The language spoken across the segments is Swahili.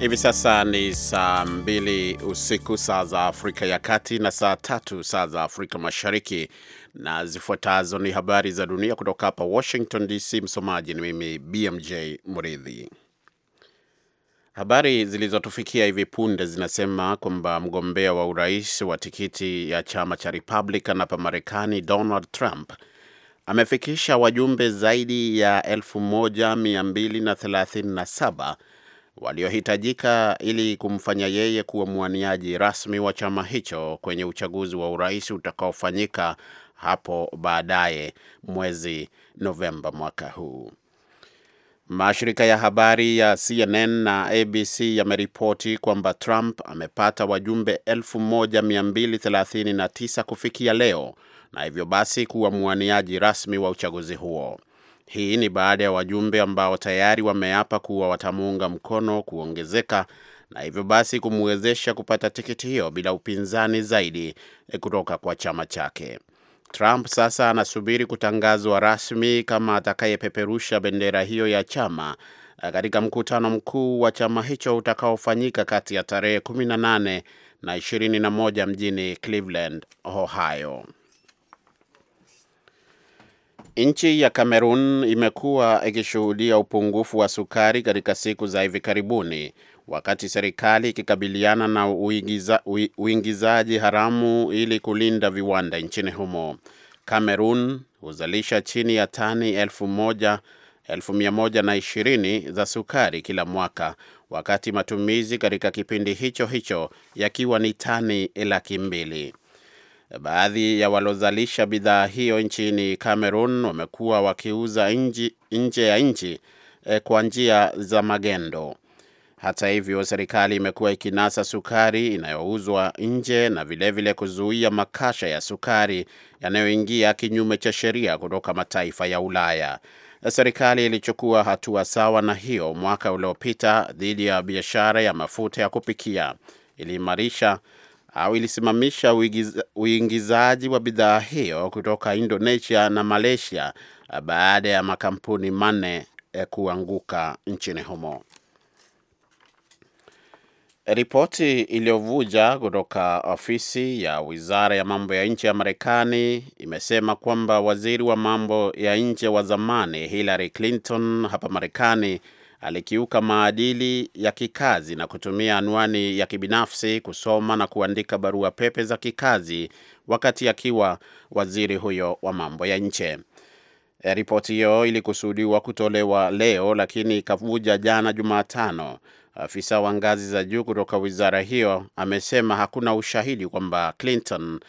Hivi sasa ni saa mbili usiku saa za Afrika ya Kati na saa tatu saa za Afrika Mashariki, na zifuatazo ni habari za dunia kutoka hapa Washington DC. Msomaji ni mimi BMJ mridhi Habari zilizotufikia hivi punde zinasema kwamba mgombea wa urais wa tikiti ya chama cha Republican hapa Marekani, Donald Trump amefikisha wajumbe zaidi ya 1237 waliohitajika ili kumfanya yeye kuwa mwaniaji rasmi wa chama hicho kwenye uchaguzi wa urais utakaofanyika hapo baadaye mwezi Novemba mwaka huu. Mashirika ya habari ya CNN na ABC yameripoti kwamba Trump amepata wajumbe 1239 kufikia leo na hivyo basi kuwa mwaniaji rasmi wa uchaguzi huo. Hii ni baada ya wajumbe ambao tayari wameapa kuwa watamuunga mkono kuongezeka na hivyo basi kumwezesha kupata tiketi hiyo bila upinzani zaidi eh, kutoka kwa chama chake. Trump sasa anasubiri kutangazwa rasmi kama atakayepeperusha bendera hiyo ya chama eh, katika mkutano mkuu wa chama hicho utakaofanyika kati ya tarehe 18 na 21 mjini Cleveland, Ohio. Nchi ya Kamerun imekuwa ikishuhudia upungufu wa sukari katika siku za hivi karibuni wakati serikali ikikabiliana na uingizaji haramu ili kulinda viwanda nchini humo. Kamerun huzalisha chini ya tani elfu moja za sukari kila mwaka wakati matumizi katika kipindi hicho hicho yakiwa ni tani laki mbili. Baadhi ya walozalisha bidhaa hiyo nchini Cameroon wamekuwa wakiuza nje ya nchi e, kwa njia za magendo. Hata hivyo, serikali imekuwa ikinasa sukari inayouzwa nje na vilevile vile kuzuia makasha ya sukari yanayoingia kinyume cha sheria kutoka mataifa ya Ulaya. Serikali ilichukua hatua sawa na hiyo mwaka uliopita dhidi ya biashara ya mafuta ya kupikia, iliimarisha au ilisimamisha uingizaji wa bidhaa hiyo kutoka Indonesia na Malaysia eh, baada ya makampuni manne eh, kuanguka nchini humo. Ripoti iliyovuja kutoka ofisi ya wizara ya mambo ya nje ya Marekani imesema kwamba waziri wa mambo ya nje wa zamani Hillary Clinton hapa Marekani alikiuka maadili ya kikazi na kutumia anwani ya kibinafsi kusoma na kuandika barua pepe za kikazi wakati akiwa waziri huyo wa mambo ya nje. E, ripoti hiyo ilikusudiwa kutolewa leo lakini ikavuja jana Jumatano. Afisa wa ngazi za juu kutoka wizara hiyo amesema hakuna ushahidi kwamba Clinton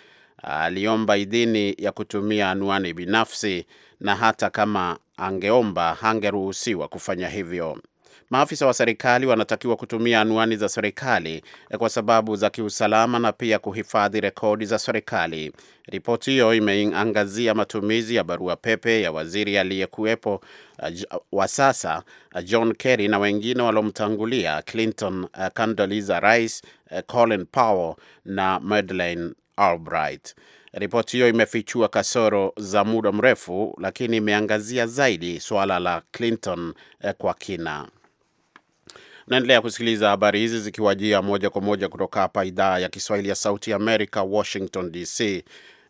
aliomba idhini ya kutumia anwani binafsi na hata kama angeomba hangeruhusiwa kufanya hivyo. Maafisa wa serikali wanatakiwa kutumia anwani za serikali eh, kwa sababu za kiusalama na pia kuhifadhi rekodi za serikali. Ripoti hiyo imeangazia matumizi ya barua pepe ya waziri aliyekuwepo eh, wa sasa eh, John Kerry na wengine waliomtangulia Clinton, Condoleezza Rice, Colin Powell na Madeleine Albright. Ripoti hiyo imefichua kasoro za muda mrefu, lakini imeangazia zaidi suala la Clinton eh, kwa kina. Naendelea kusikiliza habari hizi zikiwajia moja kwa moja kutoka hapa idhaa ya Kiswahili ya Sauti Amerika, Washington DC.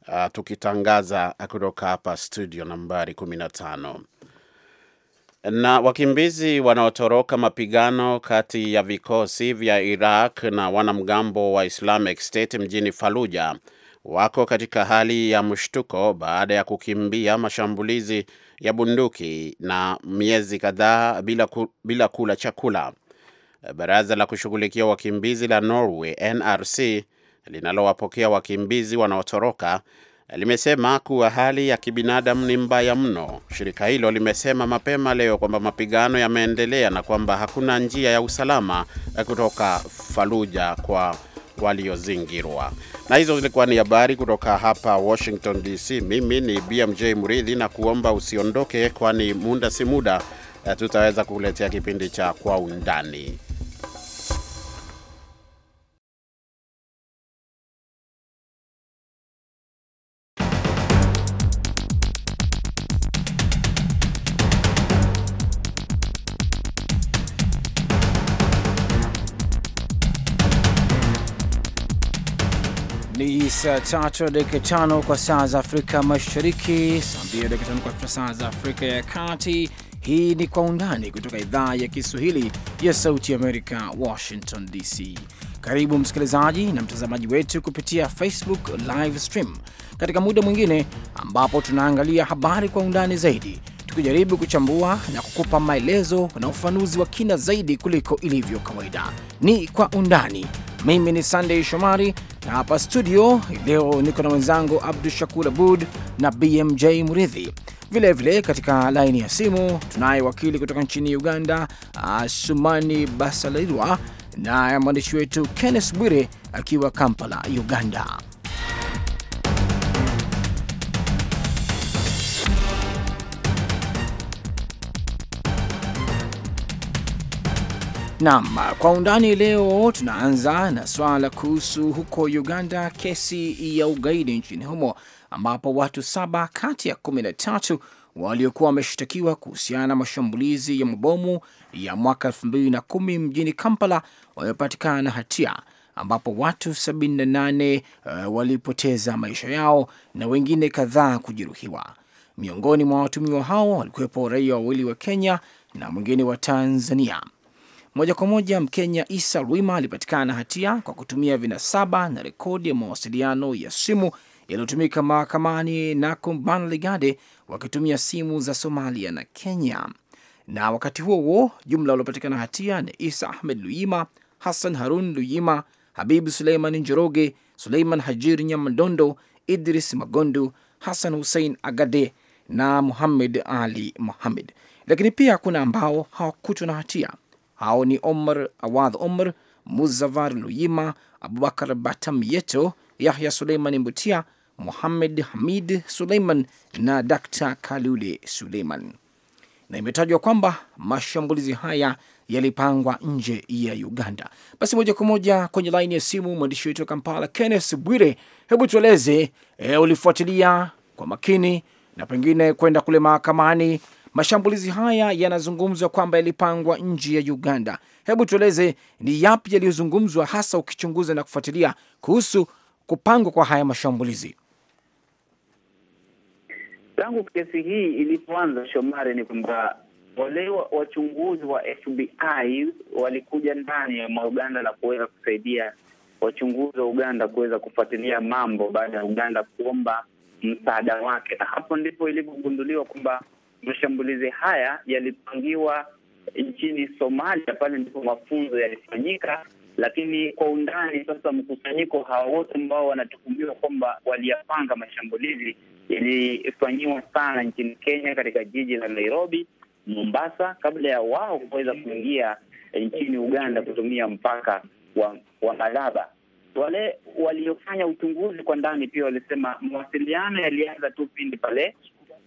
Uh, ah, tukitangaza kutoka hapa studio nambari 15. Na wakimbizi wanaotoroka mapigano kati ya vikosi vya Iraq na wanamgambo wa Islamic State mjini Faluja wako katika hali ya mshtuko baada ya kukimbia mashambulizi ya bunduki na miezi kadhaa bila, ku, bila kula chakula. Baraza la kushughulikia wakimbizi la Norway NRC linalowapokea wakimbizi wanaotoroka limesema kuwa hali ya kibinadamu ni mbaya mno. Shirika hilo limesema mapema leo kwamba mapigano yameendelea na kwamba hakuna njia ya usalama eh, kutoka Faluja kwa waliozingirwa. Na hizo zilikuwa ni habari kutoka hapa Washington DC. Mimi ni BMJ Muridhi na kuomba usiondoke, kwani muda si muda eh, tutaweza kukuletea kipindi cha Kwa Undani. saa tatu dakika tano kwa saa za Afrika Mashariki, saa mbili dakika tano kwa saa za Afrika ya Kati. Hii ni Kwa Undani kutoka idhaa ya Kiswahili ya Sauti ya Amerika, Washington DC. Karibu msikilizaji na mtazamaji wetu kupitia Facebook live stream katika muda mwingine ambapo tunaangalia habari kwa undani zaidi, tukijaribu kuchambua na kukupa maelezo na ufanuzi wa kina zaidi kuliko ilivyo kawaida. Ni Kwa Undani. Mimi ni sandey Shomari na hapa studio leo niko na mwenzangu Abdu Shakur Abud na BMJ mridhi Vilevile katika laini ya simu tunaye wakili kutoka nchini Uganda, ah, sumani Basalirwa na mwandishi wetu Kenneth Bwire akiwa Kampala, Uganda. Naam, kwa undani leo tunaanza na swala kuhusu huko Uganda, kesi ya ugaidi nchini humo ambapo watu saba kati ya kumi na tatu waliokuwa wameshtakiwa kuhusiana na mashambulizi ya mabomu ya mwaka elfu mbili na kumi mjini Kampala wamepatikana na hatia ambapo watu 78 uh, walipoteza maisha yao na wengine kadhaa kujeruhiwa. Miongoni mwa watumiwa hao walikuwepo raia wawili wa Kenya na mwingine wa Tanzania. Moja kwa moja, Mkenya Isa Rwima alipatikana na hatia kwa kutumia vinasaba na rekodi ya mawasiliano ya simu yaliyotumika mahakamani na kumbana Ligade wakitumia simu za Somalia na Kenya. Na wakati huo huo, jumla waliopatikana hatia ni Isa Ahmed Luyima, Hassan Harun Luyima, Habibu Suleiman Njoroge, Suleiman Hajir Nyamdondo, Idris Magondu, Hassan Hussein Agade na Muhamed Ali Muhamed. Lakini pia kuna ambao hawakutwa na hatia hao ni Omar Awadh Omar, Muzavar Luyima, Abubakar yeto Yahya Suleiman Mbutia, Muhamed Hamid Suleiman na Dkt Kalule Suleiman. Na imetajwa kwamba mashambulizi haya yalipangwa nje ya Uganda. Basi moja kwa moja kwenye laini ya simu mwandishi wetu wa Kampala, Kenneth Bwire, hebu tueleze e, ulifuatilia kwa makini na pengine kwenda kule mahakamani Mashambulizi haya yanazungumzwa kwamba yalipangwa nje ya Uganda. Hebu tueleze ni yapi yaliyozungumzwa hasa, ukichunguza na kufuatilia kuhusu kupangwa kwa haya mashambulizi? Tangu kesi hii ilipoanza, Shomari, ni kwamba wale wachunguzi wa FBI walikuja ndani ya Uganda na kuweza kusaidia wachunguzi wa Uganda kuweza kufuatilia mambo baada ya Uganda kuomba msaada wake, na hapo ndipo ilipogunduliwa kwamba Mashambulizi haya yalipangiwa nchini Somalia, pale ndipo mafunzo yalifanyika. Lakini kwa undani sasa, mkusanyiko hawa wote ambao wanatuhumiwa kwamba waliyapanga mashambulizi yalifanyiwa sana nchini Kenya, katika jiji la Nairobi, Mombasa, kabla ya wao kuweza kuingia nchini Uganda kutumia mpaka wa, wa Malaba. Wale waliofanya uchunguzi kwa ndani pia walisema mawasiliano yalianza tu pindi pale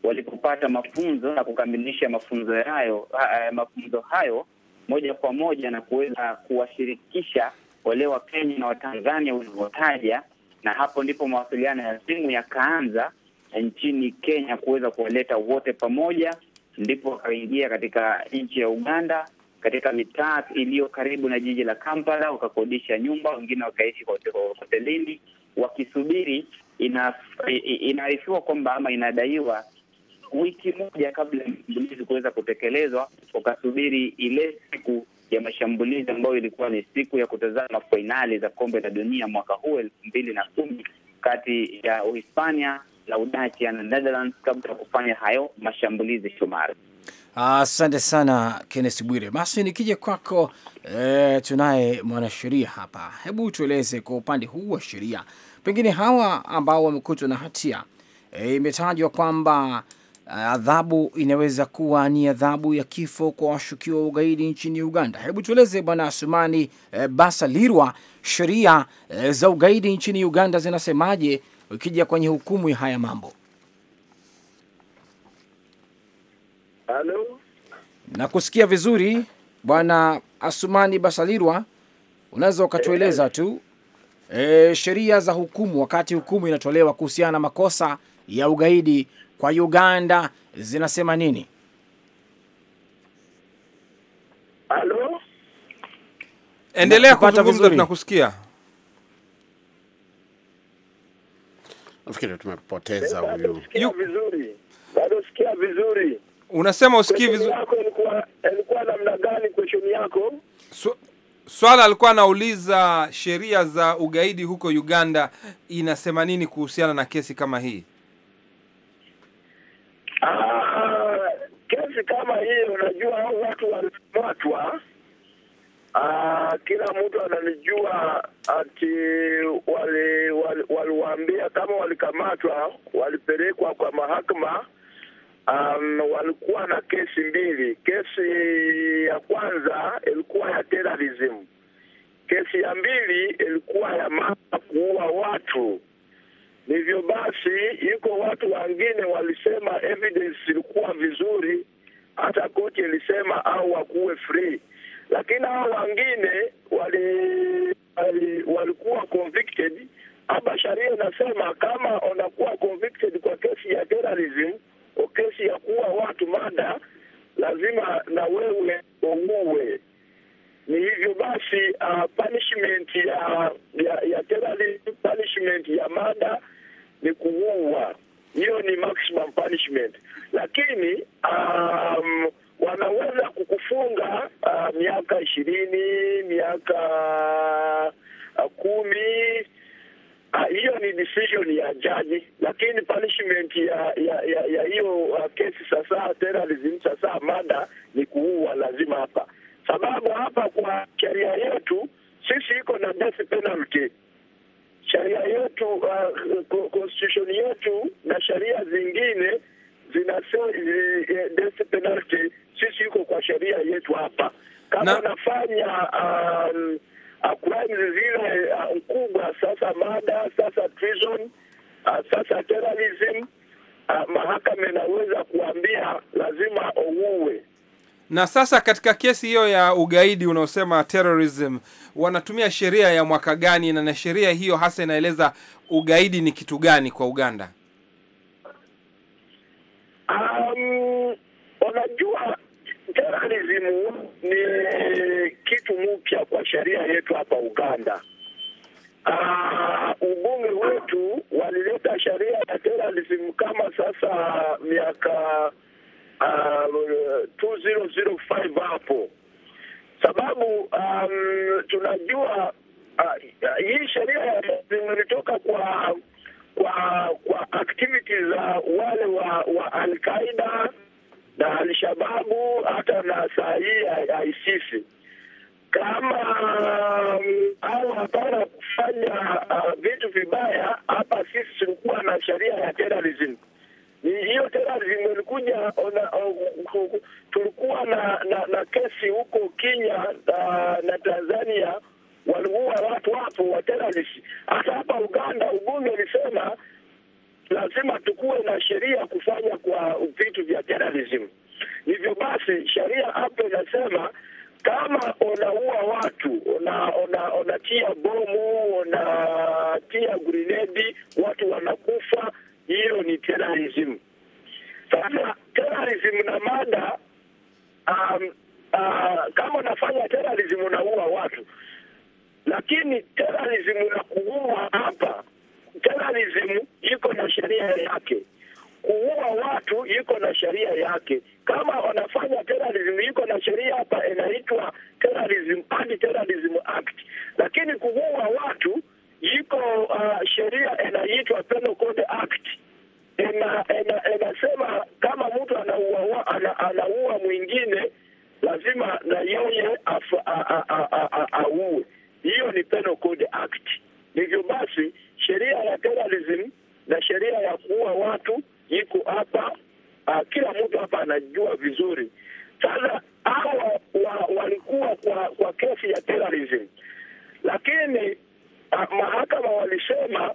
walipopata mafunzo na kukamilisha mafunzo hayo, eh, mafunzo hayo moja kwa moja na kuweza kuwashirikisha wale kenya na Watanzania ulivyotaja, na hapo ndipo mawasiliano ya simu yakaanza nchini Kenya kuweza kuwaleta wote pamoja, ndipo wakaingia katika nchi ya Uganda katika mitaa iliyo karibu na jiji la Kampala, wakakodisha nyumba, wengine wakaishi kwa hotelini wakisubiri. Inaarifiwa kwamba ama inadaiwa wiki moja kabla ya mashambulizi kuweza kutekelezwa, wakasubiri ile siku ya mashambulizi ambayo ilikuwa ni siku ya kutazama fainali za kombe la dunia mwaka huu elfu mbili na kumi kati ya Uhispania na Udachi na Netherlands kabla ya kufanya hayo mashambulizi Shomari. Asante sana kennes Bwire. Basi nikija kwako, e, tunaye mwanasheria hapa. Hebu tueleze kwa upande huu wa sheria, pengine hawa ambao wamekutwa na hatia eh, imetajwa e, kwamba Eh, adhabu inaweza kuwa ni adhabu ya kifo kwa washukiwa wa ugaidi nchini Uganda. Hebu tueleze Bwana Asumani e, eh, Basalirwa, sheria e, za ugaidi nchini Uganda zinasemaje ukija kwenye hukumu ya haya mambo? Halo, nakusikia vizuri Bwana Asumani Basalirwa, unaweza ukatueleza tu e, sheria za hukumu wakati hukumu inatolewa kuhusiana na makosa ya ugaidi kwa Uganda zinasema nini? Halo, endelea kuzungumza, tunakusikia. Nafikiri tumepoteza huyu. Bado sikia vizuri. Unasema usikii vizuri. Ilikuwa namna gani question yako? Swala alikuwa anauliza sheria za ugaidi huko Uganda inasema nini kuhusiana na kesi kama hii? unajua hao watu walikamatwa, ah, kila mtu ananijua ati waliwaambia wali kama walikamatwa, walipelekwa kwa mahakama. Um, walikuwa na kesi mbili. Kesi ya kwanza ilikuwa ya terrorism, kesi ya mbili ilikuwa ya maa kuua watu. Hivyo basi, iko watu wengine walisema evidence ilikuwa vizuri hata koti ilisema au wakuwe free, lakini hao wengine wali, wali, walikuwa convicted. Hapa sharia inasema kama unakuwa sasa mada, sasa treason, ah, sasa terrorism. Ah, mahakama inaweza kuambia lazima ouwe. Na sasa katika kesi hiyo ya ugaidi unaosema terrorism, wanatumia sheria ya mwaka gani? Na na sheria hiyo hasa inaeleza ugaidi ni kitu gani kwa Uganda? Um, unajua terrorism ni kitu mpya kwa sheria yetu hapa Uganda Ah, ubunge wetu walileta sheria ya terrorism kama sasa miaka uh, ah, 2005 hapo, sababu um, tunajua uh, hii sheria ya terrorism ilitoka kwa kwa kwa activities za uh, wale wa, wa al qaeda na Al-Shababu hata na saa hii ya ISIS kama um, au ambao kufanya uh, vitu vibaya. Hapa sisi tulikuwa na sheria ya terrorism. Ni hiyo terrorism ilikuja, uh, uh, tulikuwa na na, na kesi huko Kenya na, na Tanzania walikuwa watu wapo wa terrorist. Hata hapa Uganda ubunge ulisema lazima tukuwe na sheria kufanya kwa vitu vya terrorism. Hivyo basi sheria hapo inasema kama unaua watu, unatia una, una bomu, unatia grinedi watu wanakufa, hiyo ni terrorism. Sasa terrorism na mada um, uh, kama unafanya terrorism unaua watu, lakini terrorism na kuua hapa, terrorism iko na sheria yake kuua watu iko na sheria yake. Kama wanafanya terrorism, iko na sheria hapa inaitwa Terrorism anti Terrorism Act, lakini kuua watu iko uh, sheria inaitwa Penal Code Act ina- ina- inasema kama mtu anaua ana, anaua mwingine lazima na yeye auwe. Hiyo ni Penal Code Act. Hivyo basi vizuri. Sasa hawa wa, walikuwa kwa kwa kesi ya terrorism, lakini ah, mahakama walisema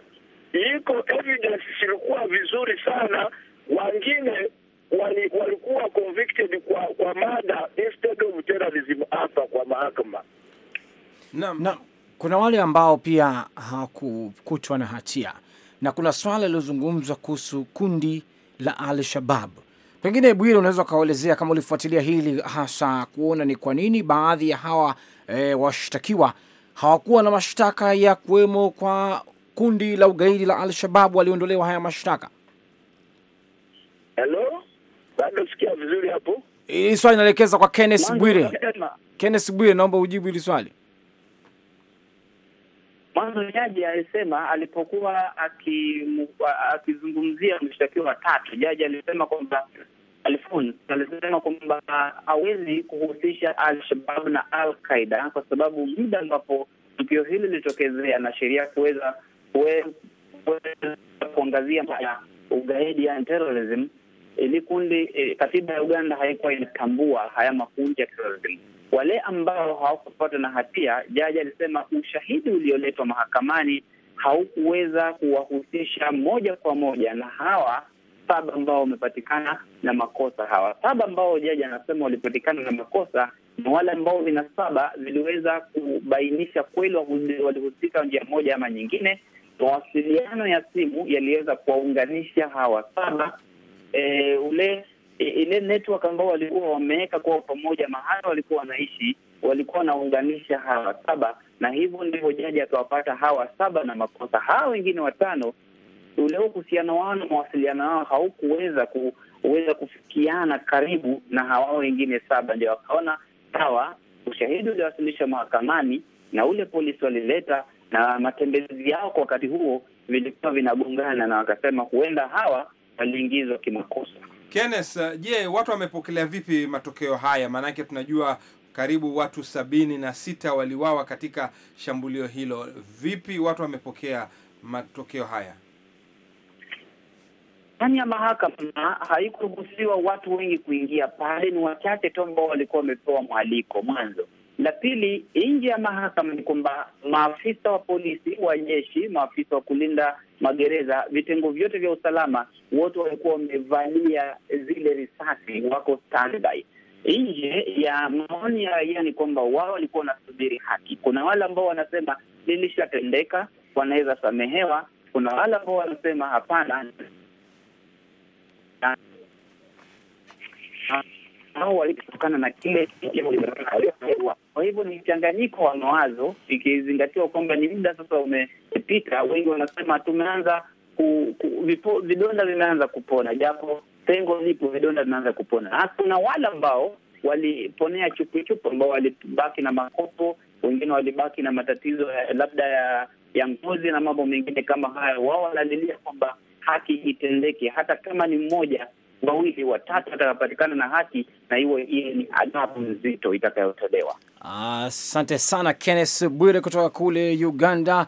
iko evidence silikuwa vizuri sana, wengine wali, walikuwa convicted kwa kwa mada instead of terrorism hapa kwa mahakama na, na Kuna wale ambao pia hawakukutwa na hatia na kuna swala lilozungumzwa kuhusu kundi la Al Shabab Pengine Bwire, unaweza ukawaelezea kama ulifuatilia hili hasa kuona ni kwa nini baadhi ya hawa e, washtakiwa hawakuwa na mashtaka ya kuwemo kwa kundi la ugaidi la Al-Shababu, waliondolewa haya mashtaka. Hello? Bado sikia vizuri hapo. Hili swali inaelekeza kwa Kenneth Bwire. Kenneth Bwire, naomba ujibu hili swali. Mwanzo jaji alisema alipokuwa akizungumzia aki mshtakiwa watatu, jaji alisema kwamba Alfons alisema kwamba hawezi kuhusisha Al-Shabab na Al-Qaida kwa sababu muda ambapo tukio hili lilitokezea na sheria kuweza kuangazia ugaidi, ya terrorism ili eh, kundi e, katiba ya Uganda haikuwa inatambua haya makundi ya terrorism. Wale ambao hawakupatwa na hatia, jaji alisema ushahidi ulioletwa mahakamani haukuweza kuwahusisha moja kwa moja na hawa saba ambao wamepatikana na makosa. Hawa saba ambao jaji anasema walipatikana na makosa na wale ambao vina saba viliweza kubainisha kweli walihusika njia moja ama nyingine. Mawasiliano ya simu yaliweza kuwaunganisha hawa saba e, ule e, ile network ambao walikuwa wameweka kwa pamoja mahali walikuwa wanaishi, walikuwa wanaunganisha hawa saba, na hivyo ndivyo jaji akawapata hawa saba na makosa. Hawa wengine watano, ule uhusiano wao na mawasiliano wao haukuweza kuweza kufikiana karibu na hawa wengine saba, ndio wakaona sawa, ushahidi uliowasilishwa mahakamani na ule polisi walileta na matembezi yao kwa wakati huo vilikuwa vinagongana, na wakasema huenda hawa aliingizwa kimakosa. Kenneth, uh, je, watu wamepokelea vipi matokeo haya? Maanake tunajua karibu watu sabini na sita waliwawa katika shambulio hilo. Vipi watu wamepokea matokeo haya? Ndani ya mahakama haikuruhusiwa watu wengi kuingia pale, ni wachache tu ambao walikuwa wamepewa mwaliko mwanzo la pili, nje ya mahakama ni kwamba maafisa wa polisi, wa jeshi, maafisa wa kulinda magereza, vitengo vyote vya usalama, wote walikuwa wamevalia zile risasi, wako standby. Nje ya maoni ya raia ni kwamba wao walikuwa wanasubiri haki. Kuna wale ambao wanasema lilishatendeka, wanaweza samehewa. Kuna wale ambao wanasema hapana, nao walipo na kile kwa hivyo ni mchanganyiko wa mawazo, ikizingatiwa kwamba ni muda sasa umepita. Wengi wanasema tumeanza ku, ku, vipo, vidonda vimeanza kupona, japo pengo lipo, vidonda vimeanza kupona. na kuna wale ambao waliponea chupuchupu, ambao walibaki na makopo, wengine walibaki na matatizo ya, labda ya ya ngozi na mambo mengine kama hayo. Wao wanalilia kwamba haki itendeke, hata kama ni mmoja wawili watatu watakapatikana na haki, na hiyo iye ni adhabu nzito itakayotolewa. Asante ah, sana Kenneth Bwire kutoka kule Uganda.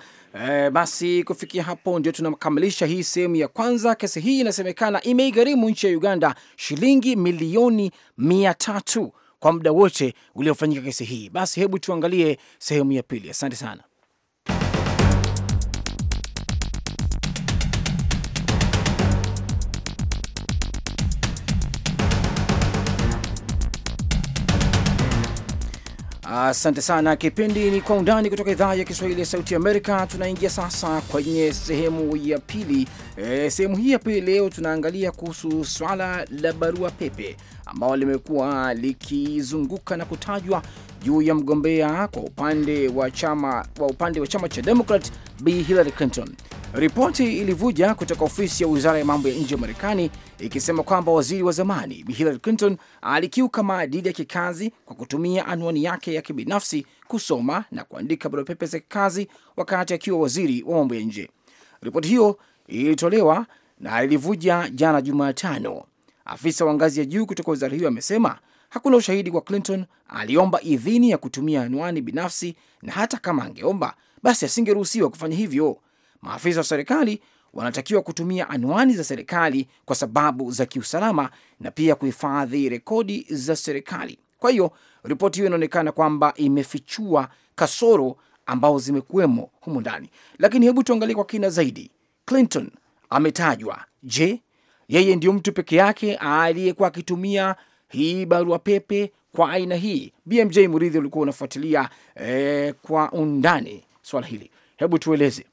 Eh, basi kufikia hapo ndio tunakamilisha hii sehemu ya kwanza. Kesi hii inasemekana imeigharimu nchi ya Uganda shilingi milioni mia tatu kwa muda wote uliofanyika kesi hii. Basi hebu tuangalie sehemu ya pili. Asante sana. Asante sana. Kipindi ni Kwa Undani kutoka idhaa ya Kiswahili ya Sauti Amerika. Tunaingia sasa kwenye sehemu ya pili. E, sehemu hii ya pili leo tunaangalia kuhusu swala la barua pepe ambao limekuwa likizunguka na kutajwa juu ya mgombea kwa upande wa chama, wa upande wa chama cha Demokrat b Hillary Clinton. Ripoti ilivuja kutoka ofisi ya wizara ya mambo ya nje ya Marekani ikisema kwamba waziri wa zamani b Hillary Clinton alikiuka maadili ya kikazi kwa kutumia anwani yake ya kibinafsi kusoma na kuandika barua pepe za kikazi wakati akiwa waziri wa mambo ya nje. Ripoti hiyo ilitolewa na ilivuja jana Jumatano. Afisa wa ngazi ya juu kutoka wizara hiyo amesema hakuna ushahidi kwa Clinton aliomba idhini ya kutumia anwani binafsi, na hata kama angeomba basi asingeruhusiwa kufanya hivyo. Maafisa wa serikali wanatakiwa kutumia anwani za serikali kwa sababu za kiusalama na pia kuhifadhi rekodi za serikali. Kwa hiyo ripoti hiyo inaonekana kwamba imefichua kasoro ambao zimekuwemo humu ndani, lakini hebu tuangalie kwa kina zaidi. Clinton ametajwa. Je, yeye ndio mtu peke yake aliyekuwa akitumia hii barua pepe kwa aina hii? BMJ Muridhi ulikuwa unafuatilia eh, kwa undani swala hili. Hebu tueleze.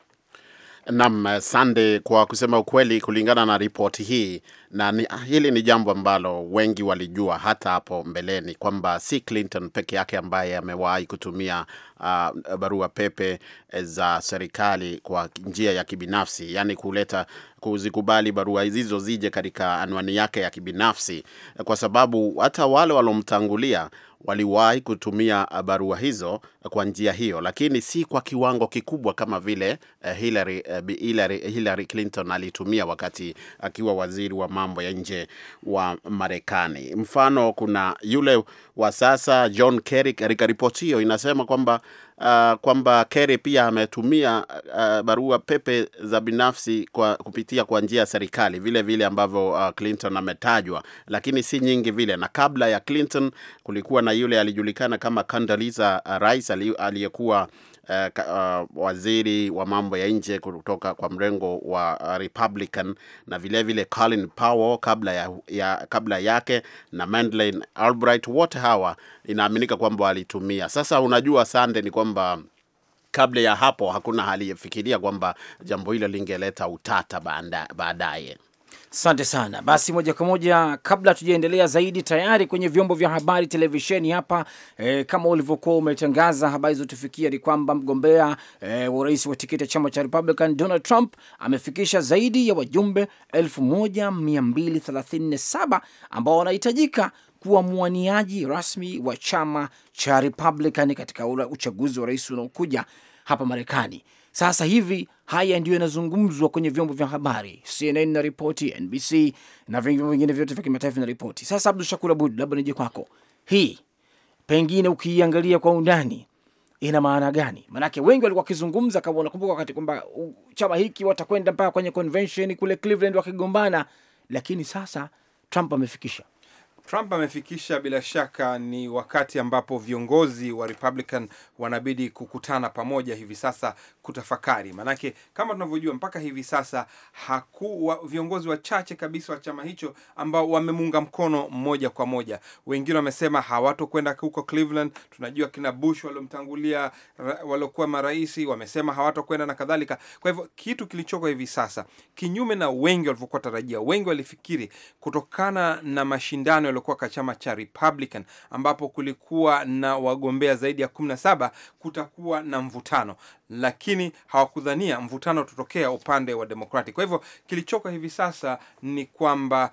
nam Sande, kwa kusema ukweli, kulingana na ripoti hii na ni, ah, hili ni jambo ambalo wengi walijua hata hapo mbeleni kwamba si Clinton peke yake ambaye amewahi kutumia uh, barua pepe eh, za serikali kwa njia ya kibinafsi, yani kuleta kuzikubali barua hizo zije katika anwani yake ya kibinafsi, kwa sababu hata wale walomtangulia waliwahi kutumia eh, barua hizo kwa njia hiyo, lakini si kwa kiwango kikubwa kama vile eh, Hillary, eh, Hillary, Hillary Clinton alitumia wakati akiwa waziri wa mambo ya nje wa Marekani. Mfano, kuna yule wa sasa John Kerry. Katika ripoti hiyo inasema kwamba Uh, kwamba Kerry pia ametumia uh, barua pepe za binafsi kwa kupitia kwa njia ya serikali vile vile ambavyo uh, Clinton ametajwa, lakini si nyingi vile. Na kabla ya Clinton kulikuwa na na yule alijulikana kama Condoleezza Rice aliyekuwa Uh, uh, waziri wa mambo ya nje kutoka kwa mrengo wa eh, Republican na vile vile Colin Powell kabla, ya, ya, kabla yake na Madeleine Albright, wote hawa inaaminika kwamba walitumia. Sasa unajua Sande, ni kwamba kabla ya hapo hakuna aliyefikiria kwamba jambo hilo lingeleta utata baadaye. Asante sana. Basi moja kwa moja, kabla tujaendelea zaidi, tayari kwenye vyombo vya habari televisheni hapa e, kama ulivyokuwa umetangaza, habari zotufikia ni kwamba mgombea eh, wa urais wa tiketi ya chama cha Republican Donald Trump amefikisha zaidi ya wajumbe 1237 ambao wanahitajika kuwa mwaniaji rasmi wa chama cha Republican katika uchaguzi wa rais unaokuja hapa Marekani. Sasa hivi haya ndiyo yanazungumzwa kwenye vyombo vya habari, CNN na ripoti, NBC na vyombo vingine vyote vya kimataifa na ripoti. Sasa Abdu Shakur Abud, labda nije kwako, hii pengine ukiiangalia kwa undani ina maana gani? Maanake wengi walikuwa wakizungumza, kama unakumbuka, wakati kwamba chama hiki watakwenda mpaka kwenye convention kule Cleveland wakigombana, lakini sasa Trump amefikisha Trump amefikisha bila shaka ni wakati ambapo viongozi wa Republican wanabidi kukutana pamoja hivi sasa kutafakari, maanake kama tunavyojua mpaka hivi sasa wa, viongozi wachache kabisa wa chama hicho ambao wamemuunga mkono moja kwa moja. Wengine wamesema hawatokwenda huko Cleveland. Tunajua kina Bush waliomtangulia, waliokuwa marais wamesema hawatokwenda na kadhalika. Kwa hivyo kitu kilichoko hivi sasa, kinyume na wengi walivyokuwa tarajia, wengi walifikiri kutokana na mashindano waliokuwa chama cha Republican, ambapo kulikuwa na wagombea zaidi ya 17, kutakuwa na mvutano, lakini hawakudhania mvutano utatokea upande wa Democratic. Kwa hivyo kilichoko hivi sasa ni kwamba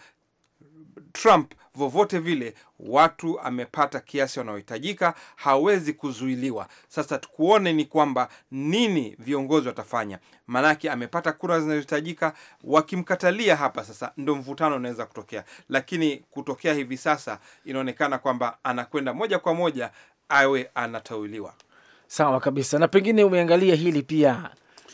Trump Vyovyote vile watu amepata kiasi wanaohitajika, hawezi kuzuiliwa. Sasa tukuone ni kwamba nini viongozi watafanya, maanake amepata kura zinazohitajika. Wakimkatalia hapa sasa, ndo mvutano unaweza kutokea, lakini kutokea hivi sasa inaonekana kwamba anakwenda moja kwa moja awe anatauliwa. Sawa kabisa, na pengine umeangalia hili pia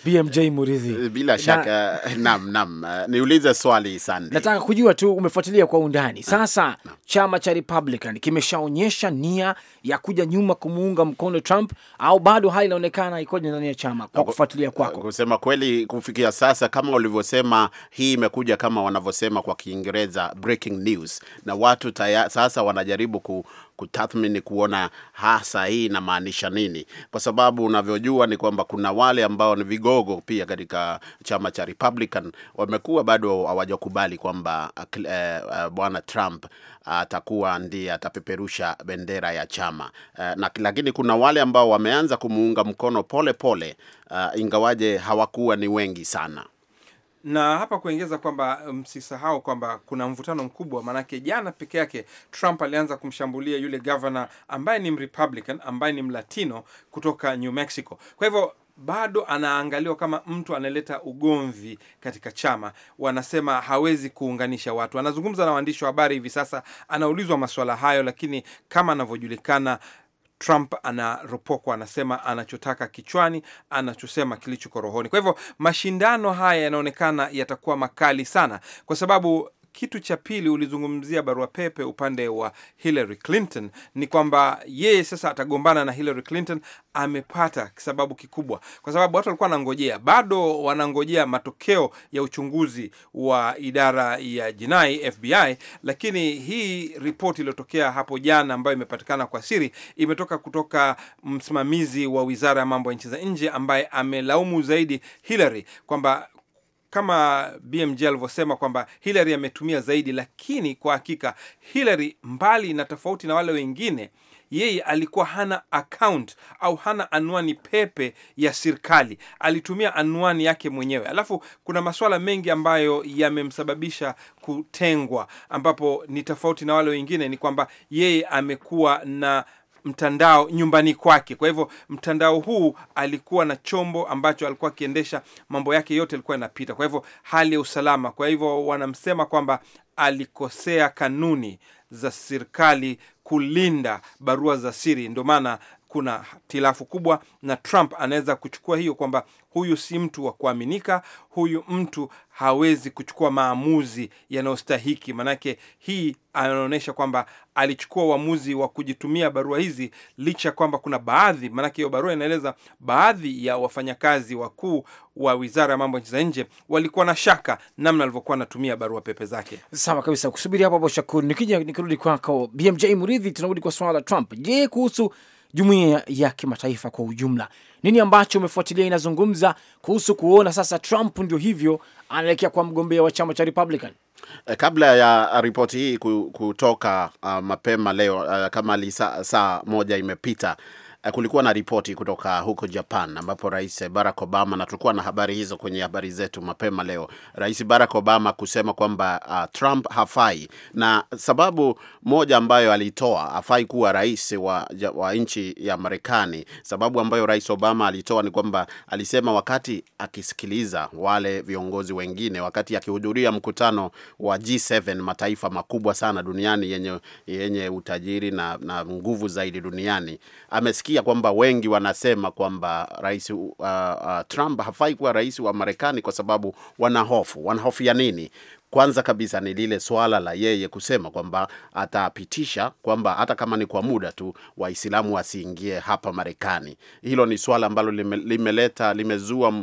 BMJ Muridhi, eh, bila shaka nam naam. Eh, niulize swali Sandy, nataka kujua tu umefuatilia kwa undani ah, sasa na, na. Chama cha Republican kimeshaonyesha nia ya kuja nyuma kumuunga mkono Trump au bado hali inaonekana ikoje ndani ya chama kwa kufuatilia eh, kwako? Kusema kweli, kufikia sasa kama ulivyosema, hii imekuja kama wanavyosema kwa Kiingereza breaking news, na watu taya, sasa wanajaribu ku kutathmini kuona hasa hii inamaanisha nini, kwa sababu unavyojua ni kwamba kuna wale ambao ni vigogo pia katika chama cha Republican wamekuwa bado hawajakubali kwamba uh, uh, uh, bwana Trump atakuwa uh, ndiye atapeperusha bendera ya chama uh, na, lakini kuna wale ambao wameanza kumuunga mkono pole pole uh, ingawaje hawakuwa ni wengi sana na hapa kuongeza kwamba um, msisahau kwamba kuna mvutano mkubwa, maanake jana peke yake Trump alianza kumshambulia yule governor ambaye ni Mrepublican, ambaye ni Mlatino kutoka New Mexico. Kwa hivyo bado anaangaliwa kama mtu analeta ugomvi katika chama. Wanasema hawezi kuunganisha watu. Anazungumza na waandishi wa habari hivi sasa, anaulizwa masuala hayo, lakini kama anavyojulikana, Trump anaropokwa, anasema anachotaka kichwani, anachosema kilichoko rohoni. Kwa hivyo mashindano haya yanaonekana yatakuwa makali sana, kwa sababu kitu cha pili ulizungumzia barua pepe upande wa Hillary Clinton, ni kwamba yeye sasa atagombana na Hillary Clinton. Amepata sababu kikubwa, kwa sababu watu walikuwa wanangojea, bado wanangojea matokeo ya uchunguzi wa idara ya jinai FBI, lakini hii ripoti iliyotokea hapo jana ambayo imepatikana kwa siri imetoka kutoka msimamizi wa wizara ya mambo ya nchi za nje ambaye amelaumu zaidi Hillary kwamba kama BMJ alivyosema kwamba Hillary ametumia zaidi, lakini kwa hakika Hillary, mbali na tofauti na wale wengine, yeye alikuwa hana account au hana anwani pepe ya serikali, alitumia anwani yake mwenyewe. Alafu kuna masuala mengi ambayo yamemsababisha kutengwa, ambapo ni tofauti na wale wengine, ni kwamba yeye amekuwa na mtandao nyumbani kwake. Kwa hivyo mtandao huu alikuwa na chombo ambacho alikuwa akiendesha mambo yake yote, alikuwa yanapita. Kwa hivyo hali ya usalama, kwa hivyo wanamsema kwamba alikosea kanuni za serikali kulinda barua za siri, ndio maana kuna tilafu kubwa, na Trump anaweza kuchukua hiyo kwamba huyu si mtu wa kuaminika, huyu mtu hawezi kuchukua maamuzi yanayostahiki. maanake hii anaonyesha kwamba alichukua uamuzi wa kujitumia barua hizi, licha ya kwamba kuna baadhi, maanake hiyo barua inaeleza baadhi ya wafanyakazi wakuu wa wizara ya mambo za nje walikuwa na shaka namna alivyokuwa anatumia barua pepe zake. Sawa kabisa, kusubiri hapo hapo, Shakuru. Nikija nikirudi kwako, BMJ Muridhi, tunarudi kwa swala la Trump. Je, kuhusu jumuiya ya kimataifa kwa ujumla. Nini ambacho umefuatilia inazungumza kuhusu kuona sasa Trump ndio hivyo anaelekea kwa mgombea wa chama cha Republican? Eh, kabla ya ripoti hii kutoka uh, mapema leo uh, kama saa moja imepita kulikuwa na ripoti kutoka huko Japan ambapo Rais Barack Obama, na tulikuwa na habari hizo kwenye habari zetu mapema leo, Rais Barack Obama kusema kwamba uh, Trump hafai, na sababu moja ambayo alitoa hafai kuwa rais wa, wa nchi ya Marekani. Sababu ambayo Rais Obama alitoa ni kwamba alisema wakati akisikiliza wale viongozi wengine, wakati akihudhuria mkutano wa G7, mataifa makubwa sana duniani yenye, yenye utajiri na, na nguvu zaidi duniani amesikia utasikia kwamba wengi wanasema kwamba rais uh, uh, Trump hafai kuwa rais wa Marekani kwa sababu wanahofu. Wanahofia nini? Kwanza kabisa ni lile swala la yeye kusema kwamba atapitisha kwamba hata kama ni kwa muda tu Waislamu wasiingie hapa Marekani. Hilo ni swala ambalo limeleta limezua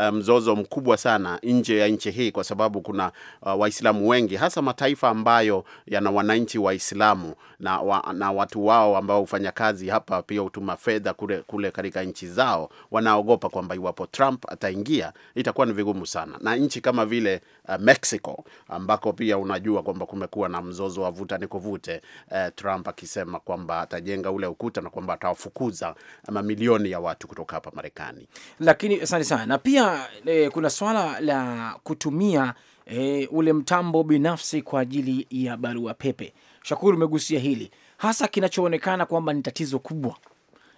Eh, mzozo mkubwa sana nje ya nchi hii, kwa sababu kuna uh, Waislamu wengi hasa mataifa ambayo yana wananchi Waislamu na, wa, na watu wao ambao hufanya kazi hapa pia hutuma fedha kule, kule katika nchi zao. Wanaogopa kwamba iwapo Trump ataingia itakuwa ni vigumu sana, na nchi kama vile uh, Mexico ambako pia unajua kwamba kumekuwa na mzozo wa vuta ni kuvute uh, Trump akisema kwamba atajenga ule ukuta na kwamba atawafukuza mamilioni ya watu kutoka hapa Marekani. Lakini asante sana na pia pia e, kuna swala la kutumia e, ule mtambo binafsi kwa ajili ya barua pepe. Shakuru, umegusia hili hasa, kinachoonekana kwamba ni tatizo kubwa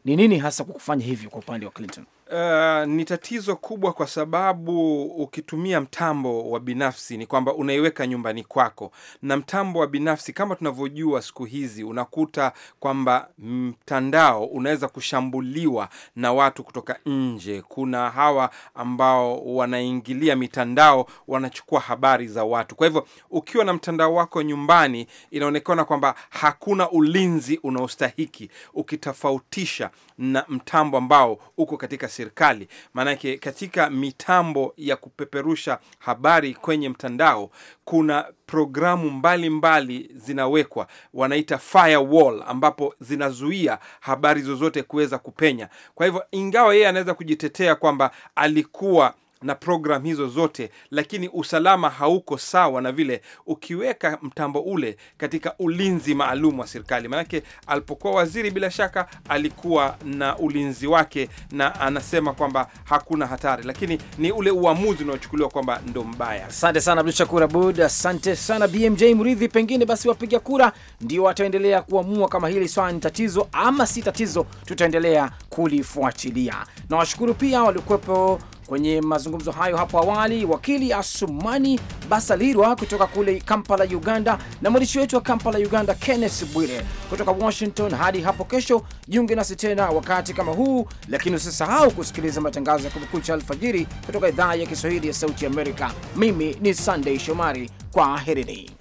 ni nini hasa kwa kufanya hivyo kwa upande wa Clinton? Uh, ni tatizo kubwa kwa sababu ukitumia mtambo wa binafsi ni kwamba unaiweka nyumbani kwako, na mtambo wa binafsi kama tunavyojua siku hizi unakuta kwamba mtandao unaweza kushambuliwa na watu kutoka nje. Kuna hawa ambao wanaingilia mitandao, wanachukua habari za watu. Kwa hivyo ukiwa na mtandao wako nyumbani, inaonekana kwamba hakuna ulinzi unaostahiki ukitofautisha na mtambo ambao uko katika serikali. Maanake katika mitambo ya kupeperusha habari kwenye mtandao kuna programu mbalimbali mbali zinawekwa, wanaita firewall, ambapo zinazuia habari zozote kuweza kupenya. Kwa hivyo, ingawa yeye anaweza kujitetea kwamba alikuwa na program hizo zote, lakini usalama hauko sawa na vile ukiweka mtambo ule katika ulinzi maalum wa serikali. Maanake alipokuwa waziri, bila shaka alikuwa na ulinzi wake, na anasema kwamba hakuna hatari, lakini ni ule uamuzi unaochukuliwa kwamba ndo mbaya. Asante sana Abdu Shakur Abud, asante sana BMJ Mridhi. Pengine basi wapiga kura ndio wataendelea kuamua kama hili swala ni tatizo ama si tatizo, tutaendelea kulifuatilia na washukuru pia walikuwepo Kwenye mazungumzo hayo hapo awali, wakili Asumani Basalirwa kutoka kule Kampala, Uganda, na mwandishi wetu wa Kampala, Uganda, Kenneth Bwire kutoka Washington. Hadi hapo kesho, jiunge nasi tena wakati kama huu, lakini usisahau kusikiliza matangazo ya Kumekucha alfajiri kutoka idhaa ya Kiswahili ya Sauti Amerika. Mimi ni sandey Shomari, kwa aherini.